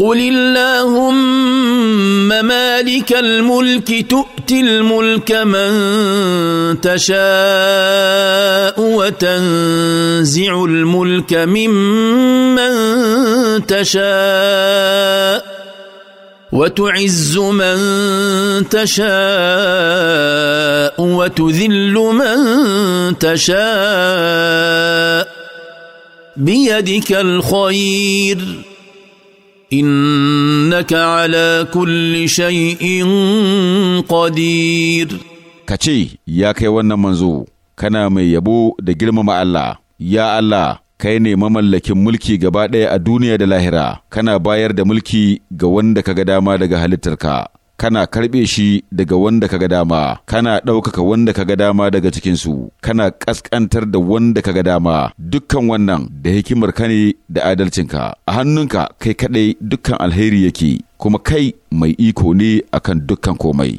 قل اللهم مالك الملك تؤتي الملك من تشاء وتنزع الملك ممن تشاء وتعز من تشاء وتذل من تشاء بيدك الخير إنك على كل شيء قدير كتشي يا كي wannan manzo kana mai yabo da girmama Allah ya Allah kai ne mamallakin mulki gaba ɗaya a duniya da lahira kana bayar da mulki ga wanda kaga dama daga halittarka kana karɓe shi daga wanda kaga dama kana ɗaukaka wanda kaga dama daga cikinsu kana ƙasƙantar da wanda kaga dama dukkan wannan da hikimar ka ne da adalcinka a hannunka kai kaɗai dukkan alheri yake kuma kai mai iko ne akan dukkan komai